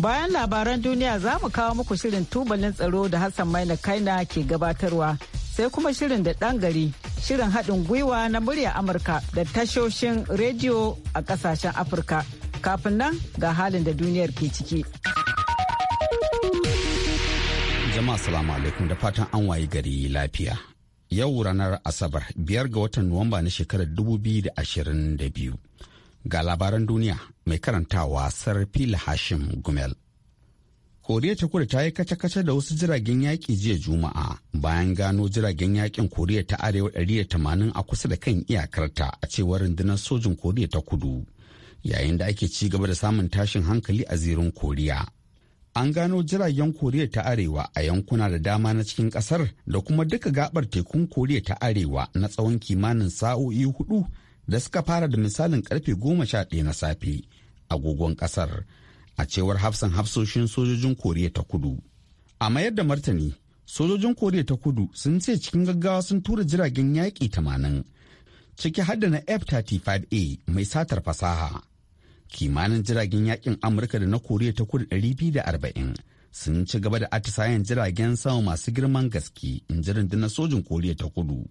Bayan labaran duniya za mu kawo muku shirin tubalin tsaro da Hassan Maina Kaina ke gabatarwa sai kuma shirin da ɗan gari shirin haɗin gwiwa na murya Amurka da tashoshin rediyo a ƙasashen Afirka. Kafin nan ga halin da duniyar ke ciki. Jama'a salamu alaikum da fatan an waye gari lafiya. Yau ranar Asabar biyar ga watan Nuwamba na shekarar da biyu. Ga labaran duniya mai karantawa Sarfil Hashim Gumel. Koriya ta kudu ta yi kace-kace da wasu jiragen yaƙi jiya Juma'a bayan gano jiragen yaƙin Koriya ta Arewa da tamanin a kusa da kan iyakarta a cewar rundunar sojin Koriya ta kudu yayin da ake ci gaba da samun tashin hankali a zirin Koriya. An gano jiragen Koriya ta Arewa a yankuna da dama na cikin ƙasar da kuma duka gabar tekun Koriya ta Arewa na tsawon kimanin sa'o'i hudu da suka fara da misalin karfe goma sha ɗaya na safe agogon ƙasar a cewar hafsan hafsoshin sojojin koriya ta kudu a mayar da martani sojojin koriya ta kudu sun ce cikin gaggawa sun tura jiragen yaƙi tamanin ciki hadda na f-35a mai satar fasaha kimanin jiragen yaƙin amurka da na koriya ta kudu arba'in sun ci gaba da atisayen jiragen sama masu girman gaske in ji rundunar sojin koriya ta kudu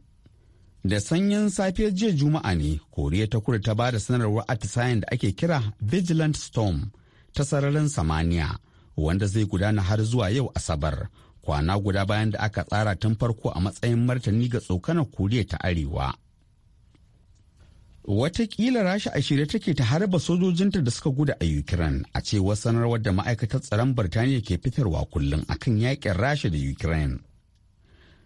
da sanyin safiyar jiya juma'a ne koriya ta kudu ta ba da sanarwar atisayen da ake kira vigilant storm ta sararin samaniya wanda zai gudana har zuwa yau asabar kwana guda bayan da aka tsara tun farko a matsayin martani ga tsokanar koriya ta arewa Wataƙila rasha a shirye take ta harba sojojinta da suka gudu a Ukraine a cewar sanarwar da ma'aikatar tsaron Birtaniya ke fitarwa kullum akan yakin rasha da Ukraine.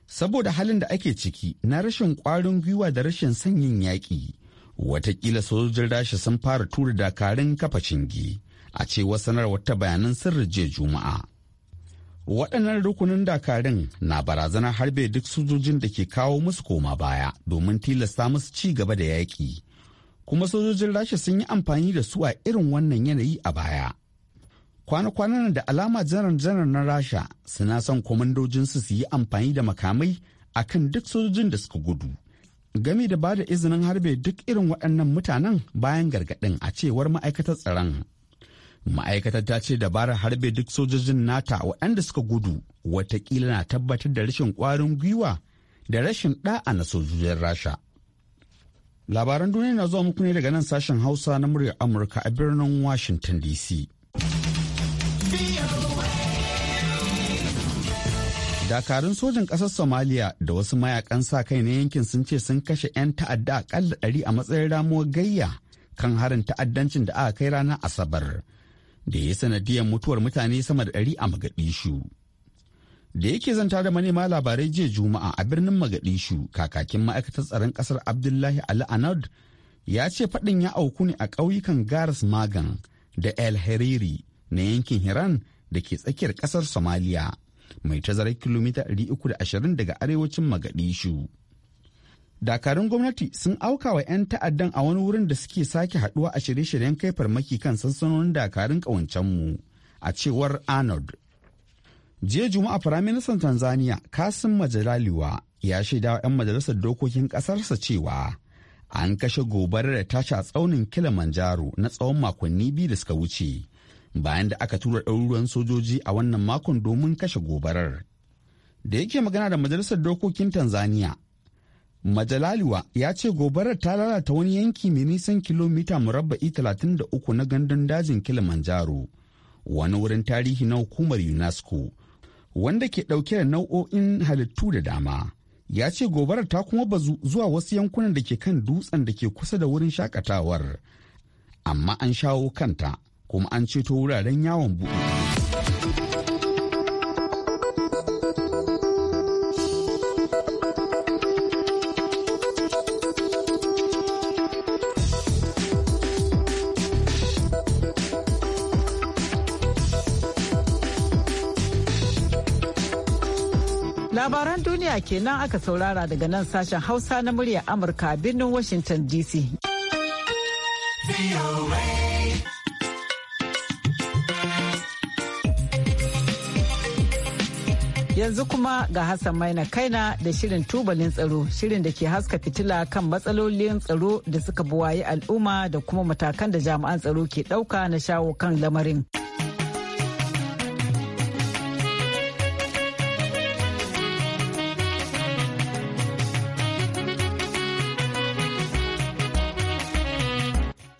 saboda halin da ake ciki na rashin kwarin gwiwa da rashin sanyin yaƙi watakila sojojin rasha sun fara tura dakarun kafa cingi a cewar sanarwar ta bayanan sirri jiya juma'a waɗannan rukunin dakarun na barazanar harbe duk sojojin da ke kawo musu koma baya domin tilasta musu ci gaba da yaƙi kuma sojojin rasha sun yi amfani da su a irin wannan yanayi a baya kwana-kwanan da alama janar-janar na rasha suna son kwamandojinsu su yi amfani da makamai a kan duk sojojin da suka gudu Gami da ba da izinin harbe duk irin waɗannan mutanen bayan gargaɗin a cewar ma'aikatar tsaron ma'aikatar ta ce dabarar harbe duk sojojin nata waɗanda suka gudu watakila na tabbatar da rashin ƙwarin gwiwa da rashin ɗa'a na sojojin rasha labaran duniya na zuwa muku ne daga nan sashen hausa na muryar amurka a birnin washington dc dakarun sojin ƙasar somaliya da wasu mayakan sa kai na yankin sun ce sun kashe 'yan ta'adda akalla ɗari a matsayin ramuwar gayya kan harin ta'addancin da aka kai ranar asabar da ya sanadiyar mutuwar mutane sama da ɗari a magadishu da yake zanta da manema labarai jiya juma'a a birnin magadishu kakakin ma'aikatar tsaron ƙasar abdullahi ali anad ya ce faɗin ya auku ne a ƙauyukan garas magan da el hariri na yankin Hiran da ke tsakiyar ƙasar Somalia mai tazarar kilomita 320 daga arewacin Magadishu. Dakarun gwamnati sun auka wa 'yan ta'addan a wani wurin da suke sake haduwa a shirye-shiryen kai farmaki kan sansanonin dakarun ƙawancenmu a cewar Arnold. Jiya Juma'a Firaministan Tanzania Kasim Majalaliwa ya shaida wa 'yan majalisar dokokin ƙasarsa cewa an kashe gobarar da tashi a tsaunin Kilimanjaro na tsawon makonni biyu da suka wuce. bayan da aka tura ɗaruruwan sojoji a wannan makon domin kashe gobarar. Da yake magana da Majalisar Dokokin Tanzania, Majalaliwa ya ce gobarar ta lalata wani yanki mai nisan kilomita murabba'i uku na gandun dajin Kilimanjaro, wani wurin tarihi na hukumar UNESCO, wanda ke ɗauke da nau'o'in halittu da dama. Ya ce gobarar ta kuma bazu zuwa wasu yankunan da ke kan dutsen da ke kusa da wurin shakatawar, amma an shawo kanta. kuma an ceto wuraren yawon buɗe. Labaran duniya kenan aka saurara daga nan sashen Hausa na murya Amurka a birnin Washington DC. Yanzu kuma ga Hassan Maina Kaina da shirin tubalin tsaro, shirin da ke haska fitila kan matsalolin tsaro da suka buwayi al'umma da kuma matakan da jami'an tsaro ke ɗauka na shawo kan lamarin.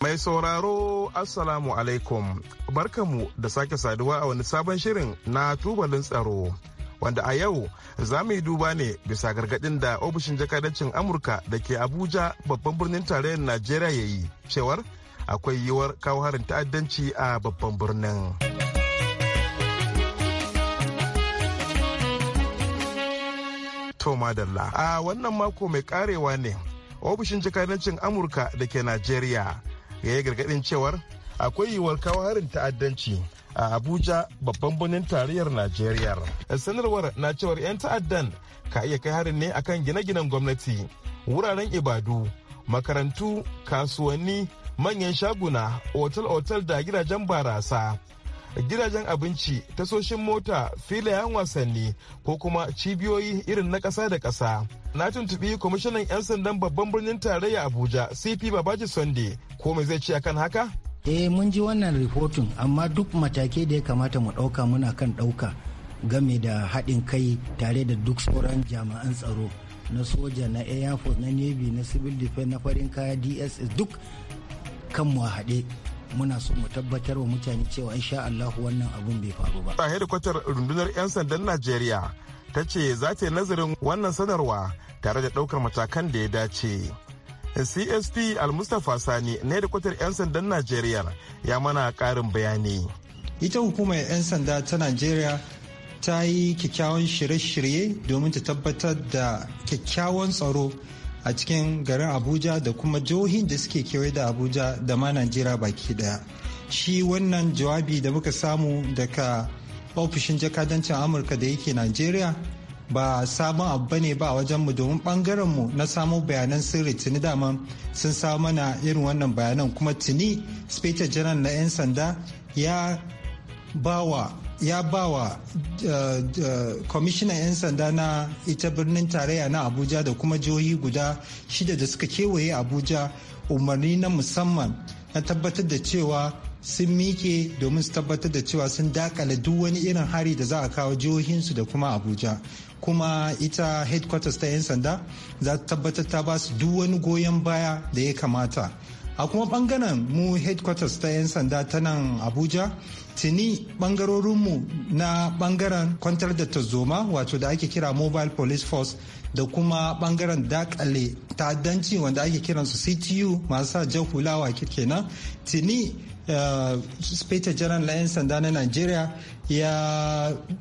Mai sauraro Assalamu alaikum, barkamu da sake saduwa a wani sabon shirin na tubalin tsaro. wanda a yau za mu yi duba ne bisa gargadin da ofishin jakadancin amurka da ke abuja babban birnin tarayyar najeriya ya yi cewar akwai yiwuwar kawo harin ta'addanci a babban birnin a wannan mako mai karewa ne ofishin jakadancin amurka da ke najeriya ya yi gargadin cewar akwai yiwuwar kawo harin ta'addanci a Abuja babban birnin tarayyar Najeriya. Sanarwar na cewar 'yan ta'addan ka iya kai harin ne akan gine-ginen gwamnati, wuraren ibadu, makarantu, kasuwanni, manyan shaguna, otal-otal da gidajen barasa. gidajen abinci tasoshin mota filayen wasanni ko kuma cibiyoyi irin na ƙasa da ƙasa na tuntuɓi kwamishinan 'yan sandan babban birnin tarayya abuja cp babaji sunday ko mai zai ce akan haka eh mun ji wannan rahoton amma duk matakai da ya kamata mu ɗauka muna kan ɗauka game da haɗin kai tare da duk sauran jami'an tsaro na soja na air force na navy na civil defense na farin kaya dss duk kanmu a haɗe muna so mu tabbatar wa mutane cewa insha Allah wannan abun bai faru ba. A hedikwatar rundunar 'yan sandan Najeriya ta ce za ta yi nazarin wannan sanarwa tare da ɗaukar matakan da ya dace. CSP Almustapha Sani na kwatar 'yan sandan Najeriya ya mana karin bayani. Ita hukumar 'yan sanda ta Najeriya ta yi kyakkyawan shirye-shirye domin ta tabbatar da kyakkyawan tsaro a cikin garin Abuja da kuma jihohin da suke kewaye da Abuja da ma Najeriya baki daya. Shi wannan jawabi da muka samu daga ofishin jakadancin Amurka da yake Najeriya ba sabon abu bane ba wajen mu domin bangaren mu na samun bayanan sirri tuni dama sun samu mana irin wannan bayanan kuma tuni speta general na 'yan sanda ya bawa ya wa kwamishinan 'yan sanda na ita birnin tarayya na abuja da kuma jihohi guda shida da suka kewaye abuja umarni na musamman na tabbatar da cewa sun mike domin su tabbatar da cewa sun dakale duk wani irin hari da za a kawo jihohinsu da kuma abuja kuma ita headquarters ta 'yan sanda za ta tabbatar ta ba su duk wani goyon baya da ya kamata a kuma bangaren mu headquarters ta 'yan sanda ta nan abuja tuni bangarorinmu na bangaren kwantar da tazoma wato da ake kira mobile police force da kuma bangaren dakale ta'addanci wanda ake kiransu ctu masu sa jan hulawa kenan tuni Spita general na 'yan sanda na najeriya ya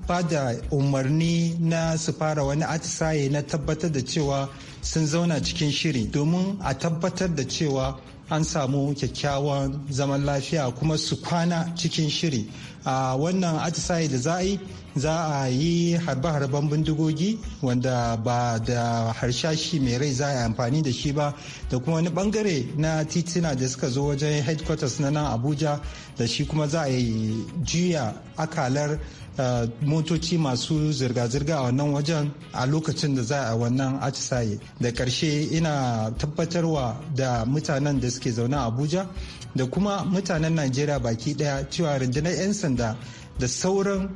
bada umarni na su fara wani atisaye na tabbatar da cewa sun zauna cikin shiri domin a tabbatar da cewa an samu kyakkyawan zaman lafiya kuma su kwana cikin shiri a wannan atisaye da za a yi za a yi harbe-harben bindigogi wanda ba da harshashi mai rai za a yi amfani da shi ba da kuma wani bangare na titina da suka zo wajen headquarters na nan abuja da shi kuma za a yi juya akalar motoci masu zirga-zirga a wannan wajen a lokacin da za a wannan atisaye da karshe ina tabbatarwa da mutanen da suke zaune a abuja da kuma mutanen najeriya baki daya cewa rundunar 'yan sanda da sauran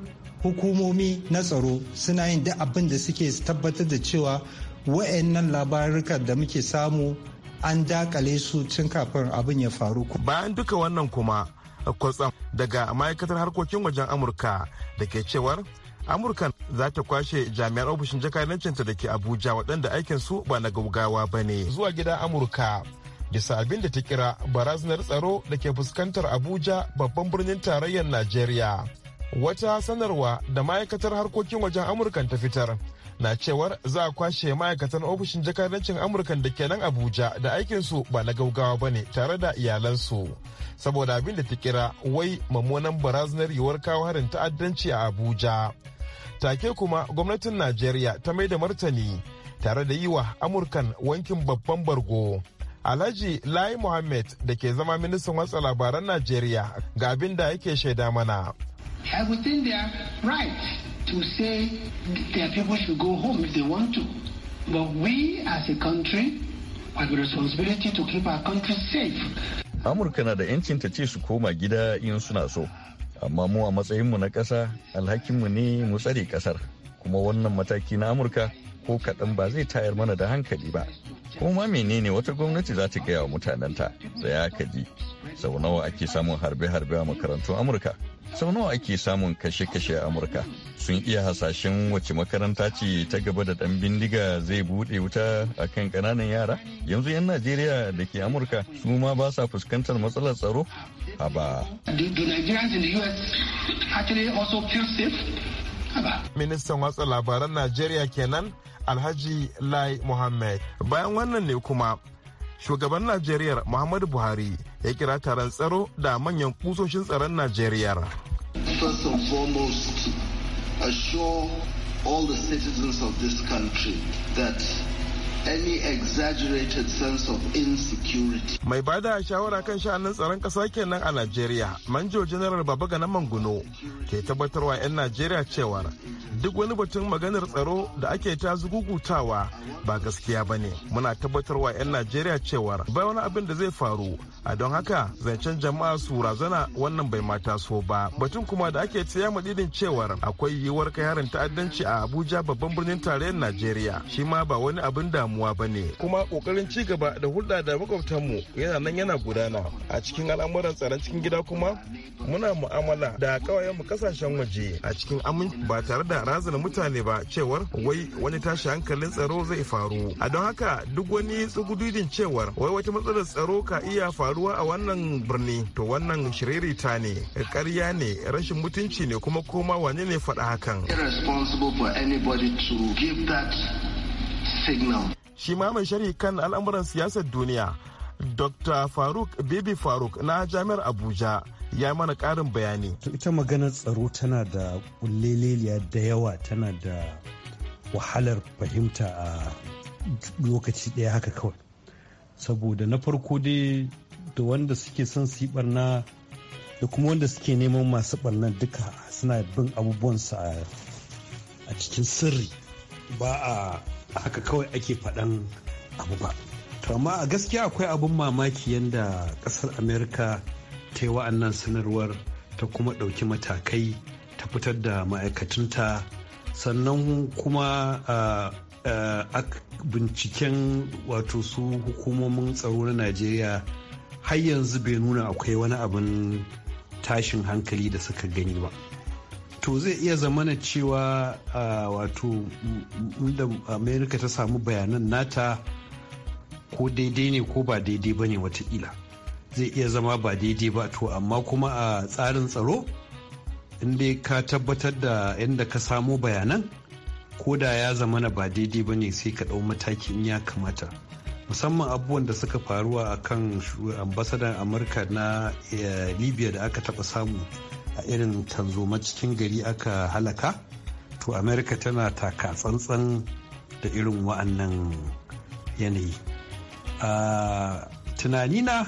hukumomi na tsaro suna yin duk abin da suke tabbatar da cewa wa'annan labarurka da muke samu an dakale su tun kafin abin ya faru. Bayan duka wannan kuma kwatsam daga ma'aikatar harkokin wajen amurka da ke cewar amurka za ta kwashe jami'an ofishin ta da ke abuja waɗanda aikin su ba na gaugawa ba ne zuwa gida amurka bisa abin da ta kira barazanar tsaro da ke fuskantar abuja babban birnin tarayyar najeriya wata sanarwa da ma'aikatar harkokin wajen amurkan ta fitar na cewar za a kwashe ma'aikatan ofishin jakadancin amurka da ke nan abuja da aikinsu ba na gaugawa ba ne tare da iyalansu saboda abin da ta kira wai mummunan barazanar yiwuwar kawo harin ta'addanci a abuja take kuma gwamnatin najeriya ta mai da martani tare da yi wa amurkan wankin babban bargo alhaji lai mohammed da ke zama ministan watsa labaran najeriya ga abin da yake shaida mana to say their people should go home if they want to. But we as a country have a responsibility to keep our country safe. Amurka na da 'yancin ta ce su koma gida in suna so, amma mu a matsayinmu na ƙasa alhakinmu ne mu tsare ƙasar. Kuma wannan mataki na Amurka ko kaɗan ba zai tayar mana da hankali ba. Kuma menene wata gwamnati za ta gaya wa mutanenta tsaya ka ji sau nawa ake samun harbe-harbe a makarantun Amurka. sau nawa ake samun kashe-kashe a amurka sun iya hasashen wacce makaranta ce ta gaba da dan bindiga zai bude wuta a kan kananan yara yanzu 'yan najeriya da ke amurka su ma ba sa fuskantar matsalar tsaro haba ministan watsa labaran najeriya kenan alhaji lai muhammad bayan wannan ne kuma shugaban najeriya muhammadu buhari ya kira taron tsaro da manyan kusoshin tsaron najeriya first and foremost assure all the citizens of this country that any exaggerated sense of insecurity. Mai bada shawara kan sha'anin tsaron ƙasa kenan a Najeriya, Manjo General Babagana Manguno ke tabbatarwa 'yan Najeriya cewar duk wani batun maganar tsaro da ake ta zugugutawa ba gaskiya ba ne. Muna tabbatarwa 'yan Najeriya cewar bai wani abin da zai faru. A don haka zancen jama'a su razana wannan bai mata so ba. Batun kuma da ake tsaya madidin cewar akwai yiwuwar kai harin ta'addanci a Abuja babban birnin tarayyar Najeriya. Shi ma ba wani abin damu damuwa ba ne kuma kokarin ci gaba da hulɗa da makwabtanmu yana nan yana gudana a cikin al'amuran tsaron cikin gida kuma muna mu'amala da mu kasashen waje a cikin aminci ba tare da razana mutane ba cewar wai wani tashi hankalin tsaro zai faru a don haka duk wani tsugududin cewar wai wata matsalar tsaro ka iya faruwa a wannan birni to wannan shiririta ne ƙarya ne rashin mutunci ne kuma koma wane ne faɗa hakan irresponsible for anybody to give that signal shi ma mai sharhi kan al'amuran siyasar duniya dr faruk bibi faruk na jami'ar abuja ya mana karin bayani to ita maganar tsaro tana da kulleliya da yawa tana da wahalar fahimta a lokaci ɗaya haka kawai saboda na farko dai da wanda suke son su yi barna da kuma wanda suke neman masu barnan duka suna bin abubuwansa a cikin sirri ba a haka kawai ake faɗan abu ba to amma a gaskiya akwai abin mamaki yadda ƙasar amerika ta yi wa'annan sanarwar ta kuma ɗauki matakai ta fitar da ma'aikatunta sannan kuma a binciken wato su hukumomin tsaro na najeriya har yanzu bai nuna akwai wani abin tashin hankali da suka gani ba to zai iya zamana cewa wato inda amerika ta samu bayanan nata ko daidai ne ko ba daidai ba ne watakila zai iya zama ba daidai ba to amma kuma a tsarin tsaro inda ka tabbatar da inda ka samu bayanan ko da ya zamana ba daidai ba ne sai ka ɗau mataki in ya kamata musamman abubuwan da suka faruwa a kan ambasadan amurka na eh, libya da aka taɓa samu a irin tanzoma cikin gari aka halaka to amerika tana taka tsantsan da irin wa'annan yanayi a tunanina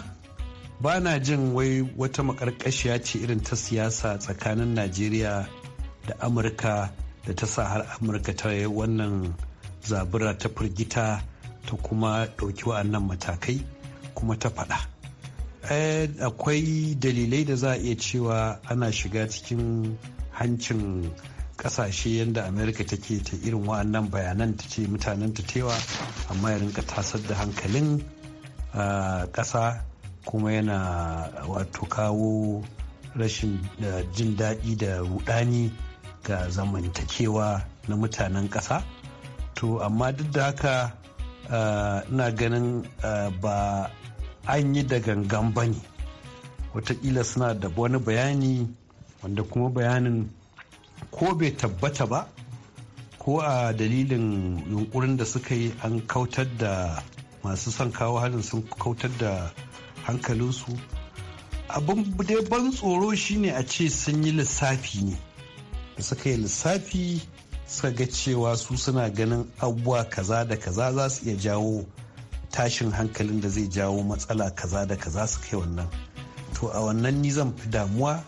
ba na jin wai wata makarkashiya ce irin ta siyasa tsakanin najeriya da amurka da ta sa har amurka ta yi wannan zabura ta firgita ta kuma ɗauki wa'annan matakai kuma ta faɗa Eh, akwai dalilai da za a iya cewa ana shiga cikin hancin kasashe yadda amerika take ta irin wa'annan bayanan ta ce mutanen ta tewa amma ya rinka tasar da hankalin ah, ƙasa kuma yana wato kawo rashin ah, jin daɗi da rudani ga zamantakewa na mutanen ƙasa to amma duk da haka ah, ina ganin ba an yi da gangan ba ne watakila suna da wani bayani wanda kuma bayanin ko bai tabbata ba ko a dalilin yunkurin da suka yi an kautar da masu son kawo halin sun kautar da hankalinsu abin dai ban tsoro shine a ce sun yi lissafi ne da suka yi lissafi suka ga cewa su suna ganin abubuwa kaza da kaza za su iya jawo tashin hankalin da zai jawo matsala kaza da kaza su kai wannan to a wannan ni zan fi damuwa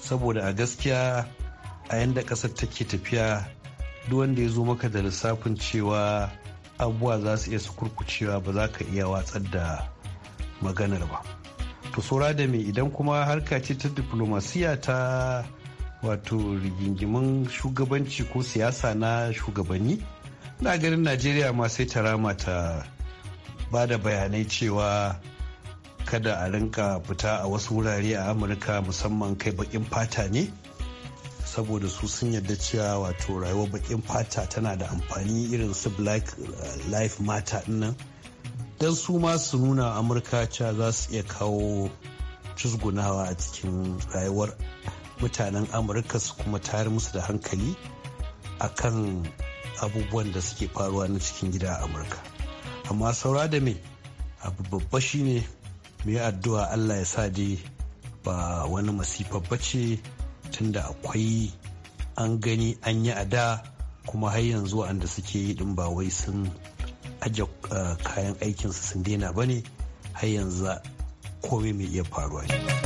saboda a gaskiya a yanda ƙasar take tafiya duk wanda ya zo maka da lissafin cewa abubuwa za su iya su kurkucewa ba za ka iya watsar da maganar ba to saura da me idan kuma harka ce ta diplomasiya ta wato rigingimin shugabanci ko siyasa na shugabanni na ganin najeriya ma sai ta rama ta ba da bayanai cewa kada a rinka fita a wasu wurare a amurka musamman kai bakin fata ne saboda su sun yarda cewa wato rayuwar bakin fata tana da amfani irin su black eh, life matter nan don su ma su nuna amurka cewa za su iya kawo cusgunawa a cikin rayuwar mutanen amurka su kuma tayar musu da hankali akan abubuwan da suke faruwa na cikin gida a amurka amma saura da me abu babba shine mu yi addu'a allah ya sa dai ba wani masifa bace tunda akwai an gani an yi a da kuma har yanzu wa'anda suke yi din ba wai sun aje eh, kayan aikinsu sun daina ba ne har yanzu komai mai iya faruwa shi.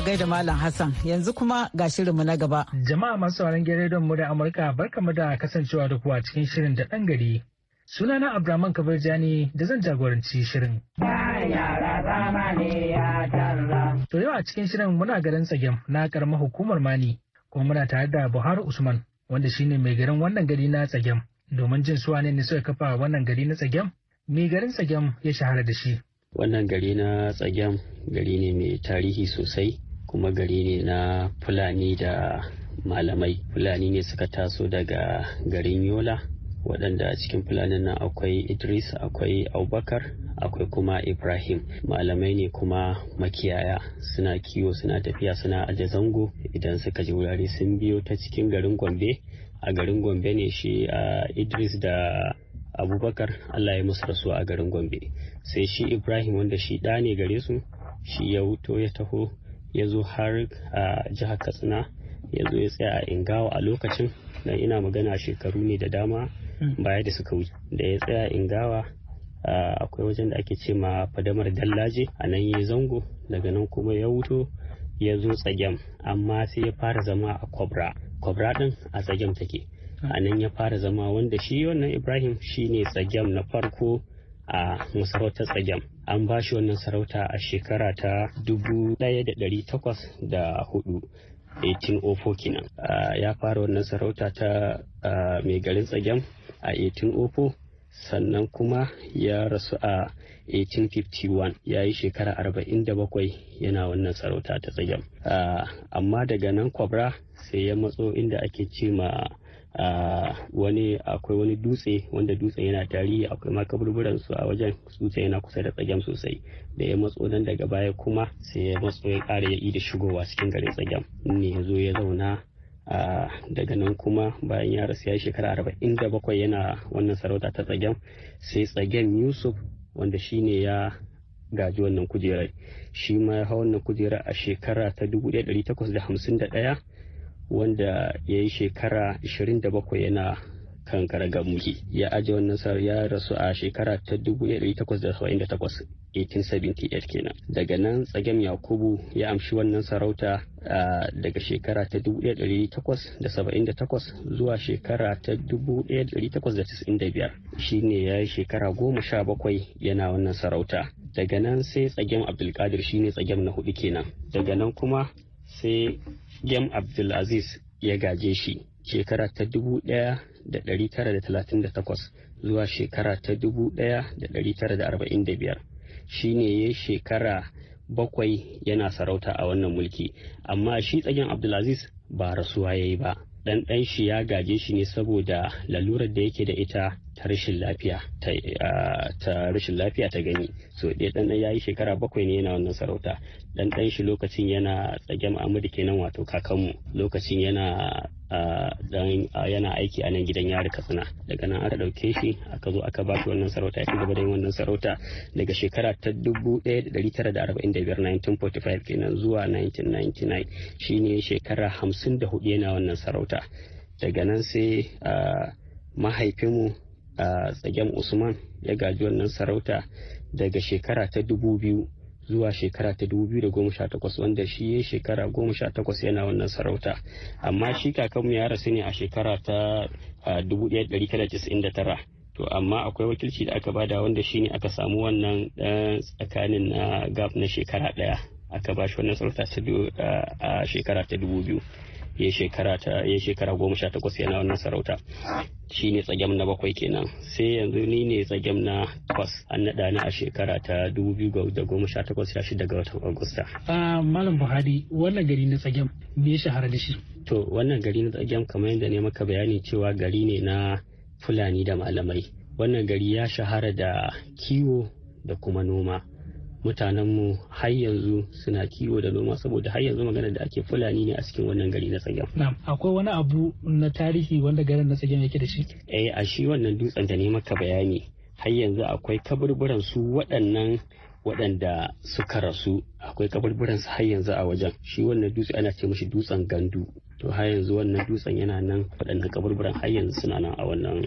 a gaida Malam Hassan yanzu kuma ga shirinmu na gaba. Jama'a masu sauran don mu da Amurka barkamu da kasancewa da kuwa cikin shirin da ɗan gari. Sunana Abraman ne da zan jagoranci shirin. To yau a cikin shirin muna garin tsagem na karamar hukumar Mani kuma muna tare da Buhari Usman wanda shine mai garin wannan gari na tsagem domin jin suwa ne suka kafa wannan gari na tsagem mai garin tsagem ya shahara da shi. wannan gari na tsagen gari ne mai tarihi sosai kuma gari ne na fulani da malamai fulani ne suka taso daga garin yola waɗanda a cikin fulanin nan akwai idris akwai abubakar akwai kuma ibrahim malamai ne kuma makiyaya suna kiwo suna tafiya suna aje zango idan suka ji wurare sun biyo ta cikin garin gombe a garin gombe ne shi a ah, idris da abubakar allah ya musu rasuwa a garin gombe sai shi ibrahim wanda shi ɗa ne gare su shi ya wuto ya taho ya zo har a jihar katsina ya zo ya tsaya a ingawa a lokacin don ina magana shekaru ne da dama hmm. baya da suka wuce da ya tsaya ingawa akwai wajen da ake ce ma fadamar dallaje a nan ya zango daga nan kuma ya wuto ya zo tsagem amma sai ya fara zama a kwabra kwabra din a tsagem take hmm. a nan ya fara zama wanda shi wannan ibrahim shine tsagem na farko a masarautar tsagem an ba shi wannan sarauta a shekara ta 1804 1804 kenan ya fara wannan sarauta ta mai garin tsagem a 1804 sannan kuma ya rasu a 1851 ya yi shekara 47 yana wannan sarauta ta tsagem amma daga nan kwabra sai ya matso inda ake ce ma wani akwai wani dutse wanda dutse yana tarihi akwai ma kaburburan su a wajen dutse yana kusa da tsagem sosai da ya matso nan daga baya kuma sai ya matso ya ƙara ya da shigowa cikin garin tsagem ne ya zo ya zauna daga nan kuma bayan ya rasu ya shekara arba'in da bakwai yana wannan sarauta ta tsagem sai tsagen yusuf wanda shine ya gaji wannan kujerar shi ma ya hau wannan kujerar a shekara ta dubu ɗaya, ɗari takwas da da hamsin ɗaya. wanda ya yi shekara 27 yana kan ga muke ya aje wannan sarar ya rasu a shekara ta 1878 1878 kenan daga nan tsagem yakubu ya amshi wannan sarauta daga shekara ta 1878 zuwa shekara ta 1895 shine ya yi shekara 17 yana wannan sarauta daga nan sai tsagem abdulkadir shine tsagem na hudu kenan daga nan kuma sai yam abdulaziz ya gaje shi shekara ta 1938 zuwa shekara ta 1945 ne ya shekara bakwai yana sarauta a wannan mulki amma shi tsagen abdulaziz ba rasuwa ya yi ba dan dan shi ya gaje shi ne saboda lalurar da yake da ita ta rashin lafiya ta, lafiya ta gani so ɗaya dan ya yi shekara bakwai ne yana wannan sarauta dan shi lokacin yana tsage Muhammadu kenan wato kakanmu lokacin yana dan yana aiki a nan gidan yari katsina daga nan aka ɗauke shi aka zo aka ba shi wannan sarauta ya ci gaba da yin wannan sarauta daga shekara ta 1945 1945 kenan zuwa 1999 shine shekara 54 yana wannan sarauta daga nan sai mahaifinmu tsagen usman ya gaji wannan sarauta daga shekara ta 2000 zuwa shekara ta 2018 wanda shi ya shekara 18 yana wannan sarauta amma shi kakanmu ya rasu ne a shekara ta tara to amma akwai wakilci da aka bada wanda shi ne aka samu wannan tsakanin na gaf na shekara ɗaya aka ba shi wannan sarauta a shekara ta biyu. ya shekara ta ya shekara goma sha takwas yana wannan sarauta shi ne tsagem na bakwai kenan sai yanzu ni ne tsagem na kwas an naɗa ni a shekara ta dubu biyu da goma sha takwas sha shida ga watan agusta. malam buhari wannan gari na tsagem me ya shahara da shi. to wannan gari na tsagem kamar yadda ne maka bayani cewa gari ne na fulani da malamai wannan gari ya shahara da kiwo da kuma noma mutanenmu har yanzu suna kiwo da noma saboda har yanzu magana da ake fulani ne a cikin wannan gari na tsagen. akwai wani abu na tarihi wanda garin na tsagen yake da shi? eh a shi wannan dutsen da ne maka bayani har yanzu akwai kaburburan su waɗannan waɗanda suka rasu akwai kaburburan su har yanzu a wajen shi wannan dutse ana ce mashi dutsen gandu to har yanzu wannan dutsen yana nan waɗannan kaburburan har yanzu suna nan a wannan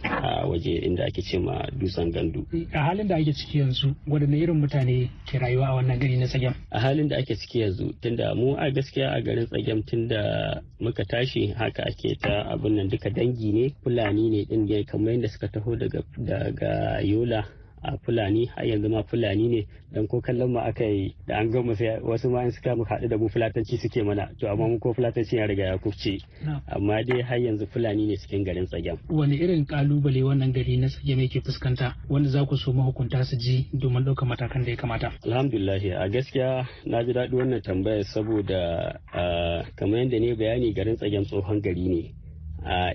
waje inda ake ce ma dutsen gandu a halin da ake ciki yanzu waɗanne irin mutane ke rayuwa a wannan gari na tsagem a halin da ake ciki yanzu tunda mu a gaskiya a garin tsagem tunda muka tashi haka ake ta abin nan duka dangi ne fulani ne din kamar yadda suka taho daga yola a fulani har yanzu ma fulani ne dan ko kallon mu aka yi da an gama sai wasu ma in suka mu haɗu da mu fulatanci suke mana to amma mu ko fulatanci ya riga ya kufce amma dai har yanzu fulani ne cikin garin tsagen wani irin kalubale wannan gari na tsagen yake fuskanta wanda za ku so mahukunta su ji domin ɗaukar matakan da ya kamata alhamdulillah a gaskiya na ji daɗi wannan tambaya saboda ah, kamar yadda ne bayani garin tsagen tsohon gari ne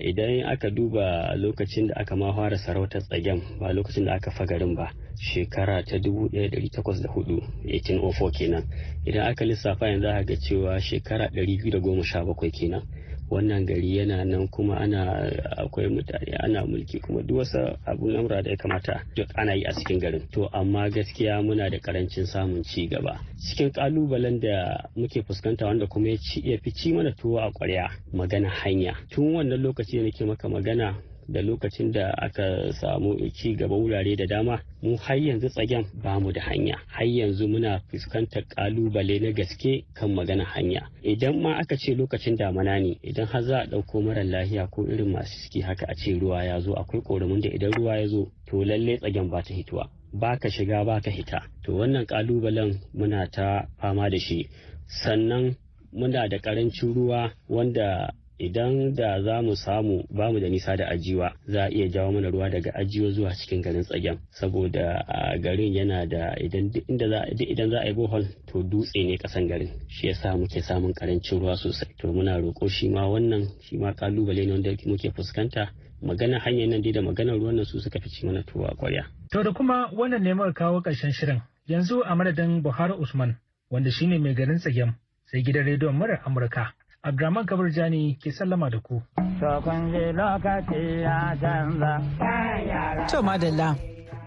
idan aka duba lokacin da aka ma fara sarautar tsagen ba lokacin da aka fagarin ba shekara ta 1804 1804 kenan idan aka lissafa yanzu za ga cewa shekara 217 kenan wannan gari yana nan kuma ana akwai mutane ana mulki kuma duk wasu abun amra da ya kamata duk ana yi a cikin garin to amma gaskiya muna da karancin samun ci gaba cikin kalubalen da muke fuskanta wanda kuma ya fi ci mana tuwo a kwarya magana hanya tun wannan lokaci da nake maka magana da lokacin da aka samu ci gaba wurare da dama mu har yanzu tsagen ba mu da hanya har yanzu muna fuskantar kalubale na gaske kan magana hanya idan ma aka ce lokacin damana ne idan har za a ɗauko mara lahiya ko irin masu ciki haka a ce ruwa ya zo akwai ƙoramin da idan ruwa ya zo to lallai tsagen ba ta hituwa ba ka shiga ba ka hita to wannan kalubalen muna ta fama da shi sannan muna da karancin ruwa wanda idan da za mu samu ba mu da nisa da ajiwa za a iya jawo mana ruwa daga ajiwa zuwa cikin garin tsagen saboda garin yana da idan idan za a yi bohol to dutse ne kasan garin shi yasa muke samun karancin ruwa sosai to muna roƙo shi ma wannan shi ma kalubale ne wanda muke fuskanta magana hanyar nan dai da maganar ruwan nan su suka fi ci mana tuwa kwarya. To da kuma wannan ne muka kawo karshen shirin yanzu a madadin Buhari Usman wanda shine mai garin tsagen sai gidan rediyon murar Amurka Abdurrahman Kabir Jani ke sallama da ku. To madalla,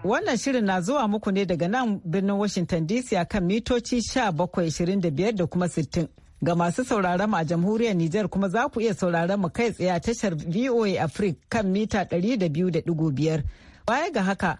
wannan shirin na zuwa muku ne daga nan birnin Washington DC a kan mitoci 1725 da kuma 60. Ga masu sauraron mu a jamhuriyar Nijar kuma za ku iya sauraron mu kai tsaye a tashar VOA Africa kan mita 200.5. Baya ga haka,